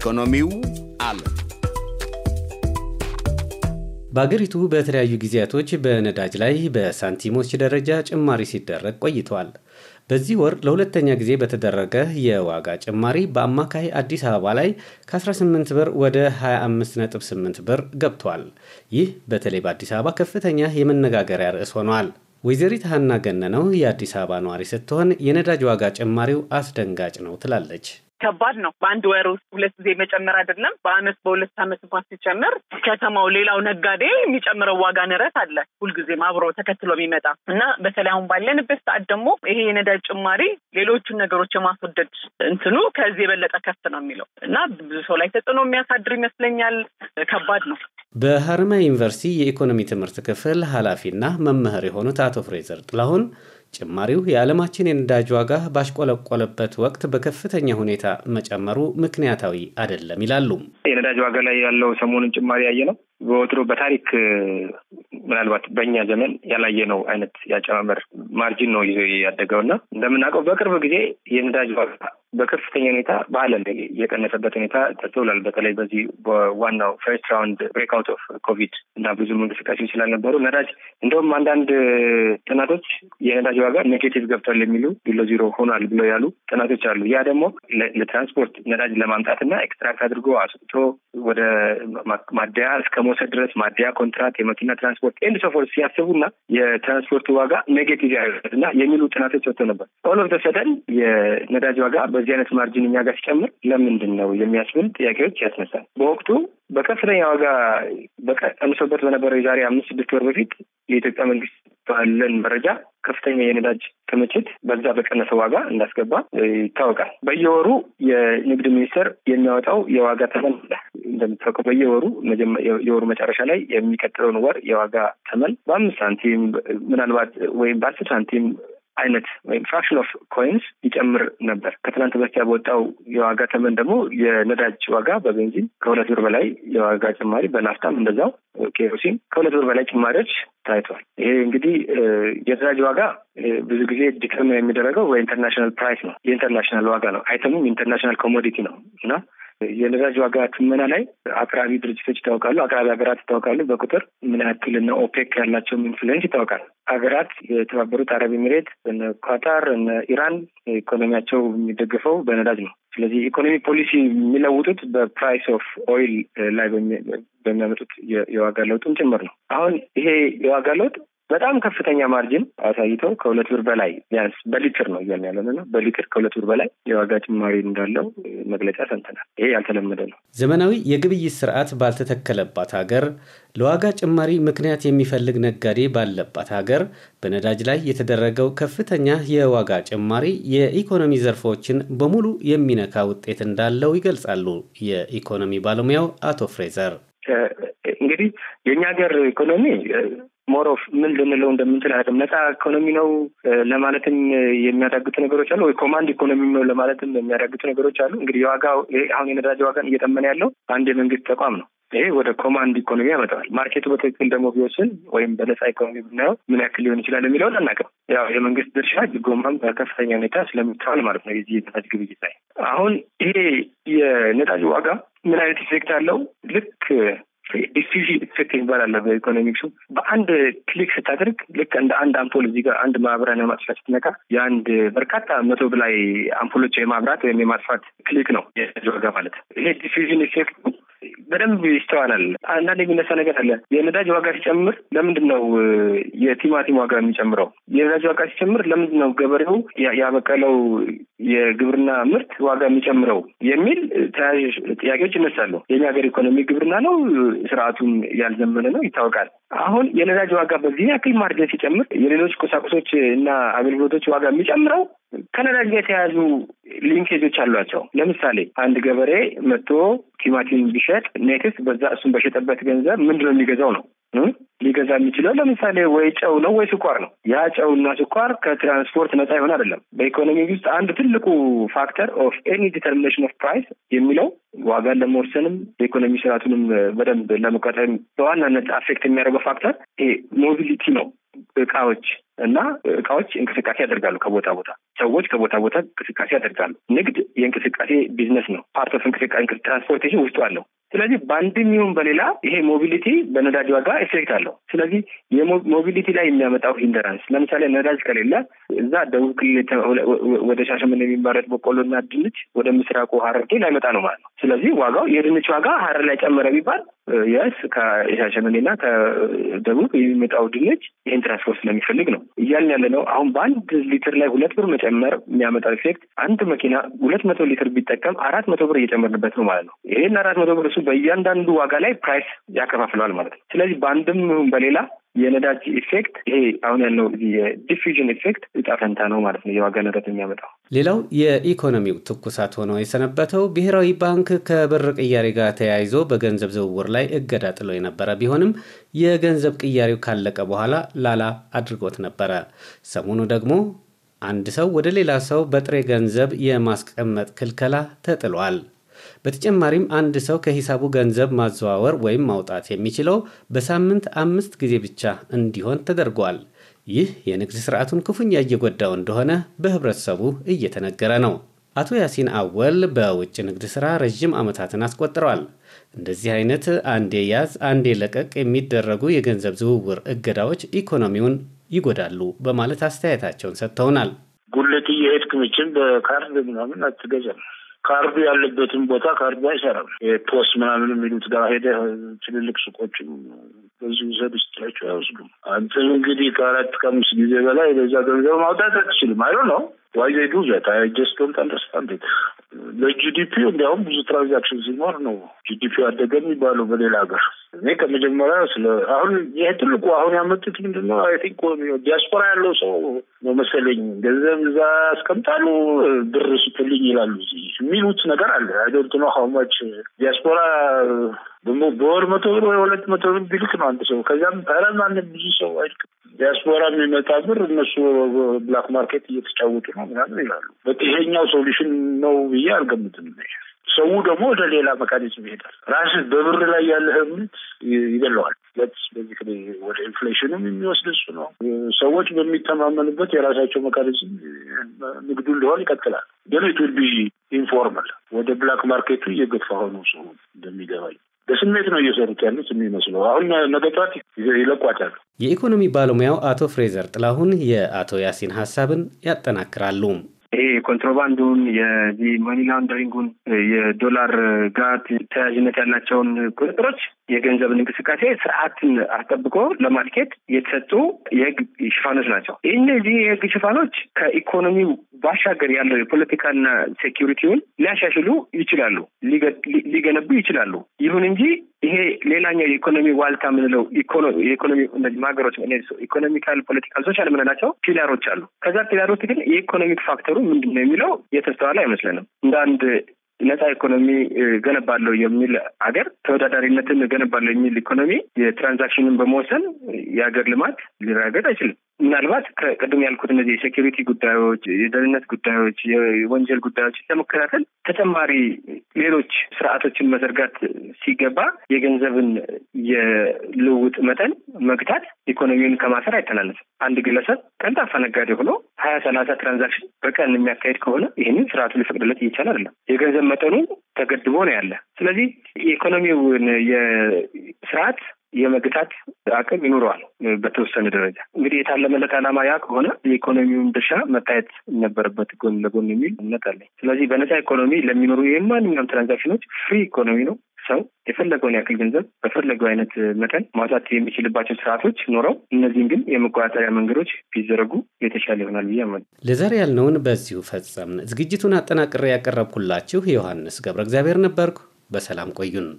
ኢኮኖሚው አለ። በአገሪቱ በተለያዩ ጊዜያቶች በነዳጅ ላይ በሳንቲሞች ደረጃ ጭማሪ ሲደረግ ቆይቷል። በዚህ ወር ለሁለተኛ ጊዜ በተደረገ የዋጋ ጭማሪ በአማካይ አዲስ አበባ ላይ ከ18 ብር ወደ 258 ብር ገብቷል። ይህ በተለይ በአዲስ አበባ ከፍተኛ የመነጋገሪያ ርዕስ ሆኗል። ወይዘሪት ሀና ገነነው የአዲስ አበባ ነዋሪ ስትሆን የነዳጅ ዋጋ ጭማሪው አስደንጋጭ ነው ትላለች። ከባድ ነው። በአንድ ወር ውስጥ ሁለት ጊዜ መጨመር አይደለም፣ በአመት በሁለት አመት እንኳን ሲጨምር ከተማው ሌላው ነጋዴ የሚጨምረው ዋጋ ንረት አለ ሁልጊዜም አብሮ ተከትሎ የሚመጣ እና በተለይ አሁን ባለንበት ሰዓት ደግሞ ይሄ የነዳጅ ጭማሪ ሌሎቹን ነገሮች የማስወደድ እንትኑ ከዚህ የበለጠ ከፍ ነው የሚለው እና ብዙ ሰው ላይ ተጽዕኖ የሚያሳድር ይመስለኛል። ከባድ ነው። በሀረማያ ዩኒቨርሲቲ የኢኮኖሚ ትምህርት ክፍል ኃላፊና መምህር የሆኑት አቶ ፍሬዘር ጥላሁን ጭማሪው የዓለማችን የነዳጅ ዋጋ ባሽቆለቆለበት ወቅት በከፍተኛ ሁኔታ መጨመሩ ምክንያታዊ አይደለም ይላሉ። የነዳጅ ዋጋ ላይ ያለው ሰሞኑን ጭማሪ ያየ ነው። በወትሮ በታሪክ ምናልባት በእኛ ዘመን ያላየነው አይነት ያጨማመር ማርጂን ነው ይዞ ያደገው እና እንደምናውቀው በቅርብ ጊዜ የነዳጅ ዋጋ በከፍተኛ ሁኔታ በዓለም ላይ የቀነሰበት ሁኔታ ተስተውሏል። በተለይ በዚህ በዋናው ፈርስት ራውንድ ብሬክ አውት ኦፍ ኮቪድ እና ብዙም እንቅስቃሴ ስላልነበሩ ነዳጅ እንደውም አንዳንድ ጥናቶች የነዳጅ ዋጋ ኔጌቲቭ ገብቷል የሚሉ ቢሎ ዚሮ ሆኗል ብሎ ያሉ ጥናቶች አሉ። ያ ደግሞ ለትራንስፖርት ነዳጅ ለማምጣት እና ኤክስትራክት አድርጎ አስጥቶ ወደ ማደያ እስከ መውሰድ ድረስ ማደያ ኮንትራት፣ የመኪና ትራንስፖርት ኤንድ ሲያስቡ ሲያስቡና የትራንስፖርት ዋጋ ኔጌቲቭ ያዩት እና የሚሉ ጥናቶች ወጥቶ ነበር። ኦል ኦፍ የነዳጅ ዋጋ በዚህ አይነት ማርጂን እኛ ጋር ሲጨምር ለምንድን ነው የሚያስብል ጥያቄዎች ያስነሳል። በወቅቱ በከፍተኛ ዋጋ ቀንሶበት በነበረው የዛሬ አምስት ስድስት ወር በፊት የኢትዮጵያ መንግስት ባለን መረጃ ከፍተኛ የነዳጅ ክምችት በዛ በቀነሰ ዋጋ እንዳስገባ ይታወቃል። በየወሩ የንግድ ሚኒስቴር የሚያወጣው የዋጋ ተመን እንደምታውቀው በየወሩ የወሩ መጨረሻ ላይ የሚቀጥለውን ወር የዋጋ ተመን በአምስት ሳንቲም ምናልባት ወይም በአስር ሳንቲም አይነት ወይም ፍራክሽን ኦፍ ኮይንስ ይጨምር ነበር። ከትናንት በስቲያ በወጣው የዋጋ ተመን ደግሞ የነዳጅ ዋጋ በቤንዚን ከሁለት ብር በላይ የዋጋ ጭማሪ፣ በናፍታም እንደዛው ኬሮሲን ከሁለት ብር በላይ ጭማሪዎች ታይቷል። ይሄ እንግዲህ የነዳጅ ዋጋ ብዙ ጊዜ ዲተርሚን የሚደረገው በኢንተርናሽናል ፕራይስ ነው፣ የኢንተርናሽናል ዋጋ ነው። አይተሙም ኢንተርናሽናል ኮሞዲቲ ነው እና የነዳጅ ዋጋ ትመና ላይ አቅራቢ ድርጅቶች ይታወቃሉ፣ አቅራቢ ሀገራት ይታወቃሉ። በቁጥር ምን ያክል እነ ኦፔክ ያላቸው ኢንፍሉዌንስ ይታወቃል። ሀገራት የተባበሩት አረብ ኤሚሬት፣ እነ ኳታር፣ እነ ኢራን ኢኮኖሚያቸው የሚደገፈው በነዳጅ ነው። ስለዚህ ኢኮኖሚ ፖሊሲ የሚለውጡት በፕራይስ ኦፍ ኦይል ላይ በሚያመጡት የዋጋ ለውጥም ጭምር ነው። አሁን ይሄ የዋጋ ለውጥ በጣም ከፍተኛ ማርጅን አሳይተው ከሁለት ብር በላይ ቢያንስ በሊትር ነው እያልን ያለን እና በሊትር ከሁለት ብር በላይ የዋጋ ጭማሪ እንዳለው መግለጫ ሰምተናል። ይሄ ያልተለመደ ነው። ዘመናዊ የግብይት ስርዓት ባልተተከለባት ሀገር፣ ለዋጋ ጭማሪ ምክንያት የሚፈልግ ነጋዴ ባለባት ሀገር በነዳጅ ላይ የተደረገው ከፍተኛ የዋጋ ጭማሪ የኢኮኖሚ ዘርፎችን በሙሉ የሚነካ ውጤት እንዳለው ይገልጻሉ የኢኮኖሚ ባለሙያው አቶ ፍሬዘር። እንግዲህ የእኛ ሀገር ኢኮኖሚ ሞሮፍ ምን ልንለው እንደምንችል አቅም ነጻ ኢኮኖሚ ነው ለማለትም የሚያዳግቱ ነገሮች አሉ ወይ ኮማንድ ኢኮኖሚ ነው ለማለትም የሚያዳግቱ ነገሮች አሉ። እንግዲህ የዋጋ አሁን የነዳጅ ዋጋን እየጠመነ ያለው አንድ የመንግስት ተቋም ነው። ይሄ ወደ ኮማንድ ኢኮኖሚ ያመጣዋል። ማርኬቱ በትክክል ደግሞ ቢወስን ወይም በነጻ ኢኮኖሚ ብናየው ምን ያክል ሊሆን ይችላል የሚለውን አናውቅም። ያው የመንግስት ድርሻ ጎማም በከፍተኛ ሁኔታ ስለሚተዋል ማለት ነው የዚህ የነዳጅ ግብይት ላይ አሁን ይሄ የነዳጅ ዋጋ ምን አይነት ኢፌክት አለው ልክ ኢፌክት ይባላል በኢኮኖሚክሱ። በአንድ ክሊክ ስታደርግ ልክ እንደ አንድ አምፖል እዚህ ጋር አንድ ማብሪያና ማጥፊያ ስትነካ የአንድ በርካታ መቶ በላይ አምፖሎች የማብራት ወይም የማጥፋት ክሊክ ነው የዋጋ ማለት። ይሄ ዲፊዥን ኢፌክት በደንብ ይስተዋላል። አንዳንድ የሚነሳ ነገር አለ። የነዳጅ ዋጋ ሲጨምር ለምንድን ነው የቲማቲም ዋጋ የሚጨምረው? የነዳጅ ዋጋ ሲጨምር ለምንድን ነው ገበሬው ያበቀለው የግብርና ምርት ዋጋ የሚጨምረው የሚል ተያያዥ ጥያቄዎች ይነሳሉ። የኛ ሀገር ኢኮኖሚ ግብርና ነው፣ ስርዓቱም ያልዘመነ ነው ይታወቃል። አሁን የነዳጅ ዋጋ በዚህ ያክል ማርጀን ሲጨምር የሌሎች ቁሳቁሶች እና አገልግሎቶች ዋጋ የሚጨምረው ከነዳጅ ጋር የተያያዙ ሊንኬጆች አሏቸው። ለምሳሌ አንድ ገበሬ መጥቶ ቲማቲም ቢሸጥ ኔትስ በዛ እሱን በሸጠበት ገንዘብ ምንድን ነው የሚገዛው ነው ሊገዛ የሚችለው ለምሳሌ ወይ ጨው ነው ወይ ስኳር ነው። ያ ጨውና ስኳር ከትራንስፖርት ነፃ ይሆን አይደለም። በኢኮኖሚ ውስጥ አንድ ትልቁ ፋክተር ኦፍ ኤኒ ዲተርሚኔሽን ኦፍ ፕራይስ የሚለው ዋጋን ለመወሰንም የኢኮኖሚ ስርዓቱንም በደንብ ለመቆጣጠር በዋናነት አፌክት የሚያደርገው ፋክተር ይሄ ሞቢሊቲ ነው። እቃዎች እና እቃዎች እንቅስቃሴ ያደርጋሉ። ከቦታ ቦታ ሰዎች ከቦታ ቦታ እንቅስቃሴ ያደርጋሉ። ንግድ የእንቅስቃሴ ቢዝነስ ነው። ፓርት ኦፍ እንቅስቃሴ ትራንስፖርቴሽን ውስጡ አለው። ስለዚህ በአንድም ይሁን በሌላ ይሄ ሞቢሊቲ በነዳጅ ዋጋ ኤፌክት አለው። ስለዚህ የሞቢሊቲ ላይ የሚያመጣው ሂንደራንስ ለምሳሌ ነዳጅ ከሌለ እዛ ደቡብ ክልል ወደ ሻሸመኔ የሚመረት በቆሎና ድንች ወደ ምስራቁ ሀረርጌ ላይመጣ ነው ማለት ነው። ስለዚህ ዋጋው የድንች ዋጋ ሀረር ላይ ጨመረ ቢባል የስ ከሻሸመኔና ከደቡብ የሚመጣው ድንች ይህን ትራንስፖርት ስለሚፈልግ ነው እያልን ያለ ነው። አሁን በአንድ ሊትር ላይ ሁለት ብር መጨመር የሚያመጣው ኤፌክት አንድ መኪና ሁለት መቶ ሊትር ቢጠቀም አራት መቶ ብር እየጨመርንበት ነው ማለት ነው። ይሄን አራት መቶ ብር እሱ በእያንዳንዱ ዋጋ ላይ ፕራይስ ያከፋፍለዋል ማለት ነው። ስለዚህ በአንድም በሌላ የነዳጅ ኢፌክት ይሄ አሁን ያለው የዲፊዥን ኢፌክት እጣ ፈንታ ነው ማለት ነው የዋጋ ንረት የሚያመጣው። ሌላው የኢኮኖሚው ትኩሳት ሆኖ የሰነበተው ብሔራዊ ባንክ ከብር ቅያሬ ጋር ተያይዞ በገንዘብ ዝውውር ላይ እገዳ ጥሎ የነበረ ቢሆንም የገንዘብ ቅያሬው ካለቀ በኋላ ላላ አድርጎት ነበረ። ሰሞኑ ደግሞ አንድ ሰው ወደ ሌላ ሰው በጥሬ ገንዘብ የማስቀመጥ ክልከላ ተጥሏል። በተጨማሪም አንድ ሰው ከሂሳቡ ገንዘብ ማዘዋወር ወይም ማውጣት የሚችለው በሳምንት አምስት ጊዜ ብቻ እንዲሆን ተደርጓል። ይህ የንግድ ስርዓቱን ክፉኛ እየጎዳው እንደሆነ በህብረተሰቡ እየተነገረ ነው። አቶ ያሲን አወል በውጭ ንግድ ሥራ ረዥም ዓመታትን አስቆጥረዋል። እንደዚህ አይነት አንዴ ያዝ አንዴ ለቀቅ የሚደረጉ የገንዘብ ዝውውር እገዳዎች ኢኮኖሚውን ይጎዳሉ በማለት አስተያየታቸውን ሰጥተውናል። ጉልት እየሄድክ ምችን በካርድ ምናምን አትገዛም ካርዱ ያለበትን ቦታ ካርዱ አይሰራም። ፖስ ምናምን የሚሉት ጋር ሄደ ትልልቅ ሱቆች በዚህ ውሰድ ውስጥላቸው አይወስዱም። አንተም እንግዲህ ከአራት ከአምስት ጊዜ በላይ በዛ ገንዘብ ማውጣት አትችልም። አይ ነው ዋይ ዘይ ዱ ዘት አይ ጀስት ዶንት አንደርስታንድ ለጂዲፒ እንዲያውም ብዙ ትራንዛክሽን ሲኖር ነው ጂዲፒ አደገ የሚባለው በሌላ ሀገር። እኔ ከመጀመሪያ ስለ አሁን ይህ ትልቁ አሁን ያመጡት ምንድን ነው? አይ ቲንክ ዲያስፖራ ያለው ሰው ነው መሰለኝ ገንዘብ እዛ ያስቀምጣሉ፣ ብር ስጥልኝ ይላሉ። እዚህ የሚሉት ነገር አለ። አይ ዶንት ኖ ሀው ማች ዲያስፖራ ደግሞ በወር መቶ ብር ወይ ሁለት መቶ ብር ቢልክ ነው አንድ ሰው። ከዚያም ኧረ ማንም ብዙ ሰው አይልክም። ዲያስፖራ የሚመጣ ብር እነሱ ብላክ ማርኬት እየተጫወቱ ነው ምናምን ይላሉ። በይሄኛው ሶሉሽን ነው ብዬ አልገምትም። ሰው ደግሞ ወደ ሌላ መካኒዝም ይሄዳል። ራስህ በብር ላይ ያለህ እምነት ይገለዋል። በዚህ ወደ ኢንፍሌሽንም የሚወስድ እሱ ነው። ሰዎች በሚተማመኑበት የራሳቸው መካኒዝም ንግዱ ሊሆን ይቀጥላል። ግን ኢት ዊል ቢ ኢንፎርማል ወደ ብላክ ማርኬቱ እየገፋ ሆነው ሰው እንደሚገባኝ በስሜት ነው እየሰሩት ያሉት የሚመስለው። አሁን ነገ ጠዋት ይለቋጫሉ። የኢኮኖሚ ባለሙያው አቶ ፍሬዘር ጥላሁን የአቶ ያሲን ሀሳብን ያጠናክራሉ። ይሄ ኮንትሮባንዱን የዚህ ማኒ ላውንደሪንጉን የዶላር ጋር ተያያዥነት ያላቸውን ቁጥጥሮች የገንዘብን እንቅስቃሴ ስርዓትን አስጠብቆ ለማስኬድ የተሰጡ የህግ ሽፋኖች ናቸው። እነዚህ የህግ ሽፋኖች ከኢኮኖሚው ባሻገር ያለው የፖለቲካና ሴኪሪቲውን ሊያሻሽሉ ይችላሉ፣ ሊገነቡ ይችላሉ። ይሁን እንጂ ይሄ ሌላኛው የኢኮኖሚ ዋልታ የምንለው የኢኮኖሚ ማገሮች ኢኮኖሚካል፣ ፖለቲካል፣ ሶሻል የምንላቸው ፒላሮች አሉ። ከዛ ፒላሮች ግን የኢኮኖሚክ ፋክተሩ ምንድን ነው የሚለው የተስተዋለ አይመስለንም እንደ አንድ ነፃ ኢኮኖሚ ገነባለሁ የሚል አገር ተወዳዳሪነትን ገነባለሁ የሚል ኢኮኖሚ የትራንዛክሽንን በመወሰን የሀገር ልማት ሊረጋገጥ አይችልም። ምናልባት ከቅድም ያልኩት እነዚህ የሴኪሪቲ ጉዳዮች፣ የደህንነት ጉዳዮች፣ የወንጀል ጉዳዮች ለመከታተል ተጨማሪ ሌሎች ስርዓቶችን መዘርጋት ሲገባ የገንዘብን የልውውጥ መጠን መግታት ኢኮኖሚውን ከማሰር አይተናነስም። አንድ ግለሰብ ቀልጣፋ ነጋዴ ሆኖ ሀያ ሰላሳ ትራንዛክሽን በቀን የሚያካሄድ ከሆነ ይህንን ስርዓቱ ሊፈቅድለት እየቻለ አይደለም። የገንዘብ መጠኑ ተገድቦ ነው ያለ። ስለዚህ የኢኮኖሚውን የስርዓት የመግታት አቅም ይኖረዋል በተወሰነ ደረጃ። እንግዲህ የታለመለት ዓላማ ያ ከሆነ የኢኮኖሚውን ድርሻ መታየት ነበረበት ጎን ለጎን የሚል እምነት አለኝ። ስለዚህ በነፃ ኢኮኖሚ ለሚኖሩ የማንኛውም ትራንዛክሽኖች ፍሪ ኢኮኖሚ ነው። ሰው የፈለገውን ያክል ገንዘብ በፈለገው አይነት መጠን ማውጣት የሚችልባቸው ስርዓቶች ኖረው እነዚህም ግን የመቆጣጠሪያ መንገዶች ቢዘረጉ የተሻለ ይሆናል ብዬ አምናለሁ። ለዛሬ ያልነውን በዚሁ ፈጸምን። ዝግጅቱን አጠናቅሬ ያቀረብኩላችሁ ዮሐንስ ገብረ እግዚአብሔር ነበርኩ። በሰላም ቆዩን።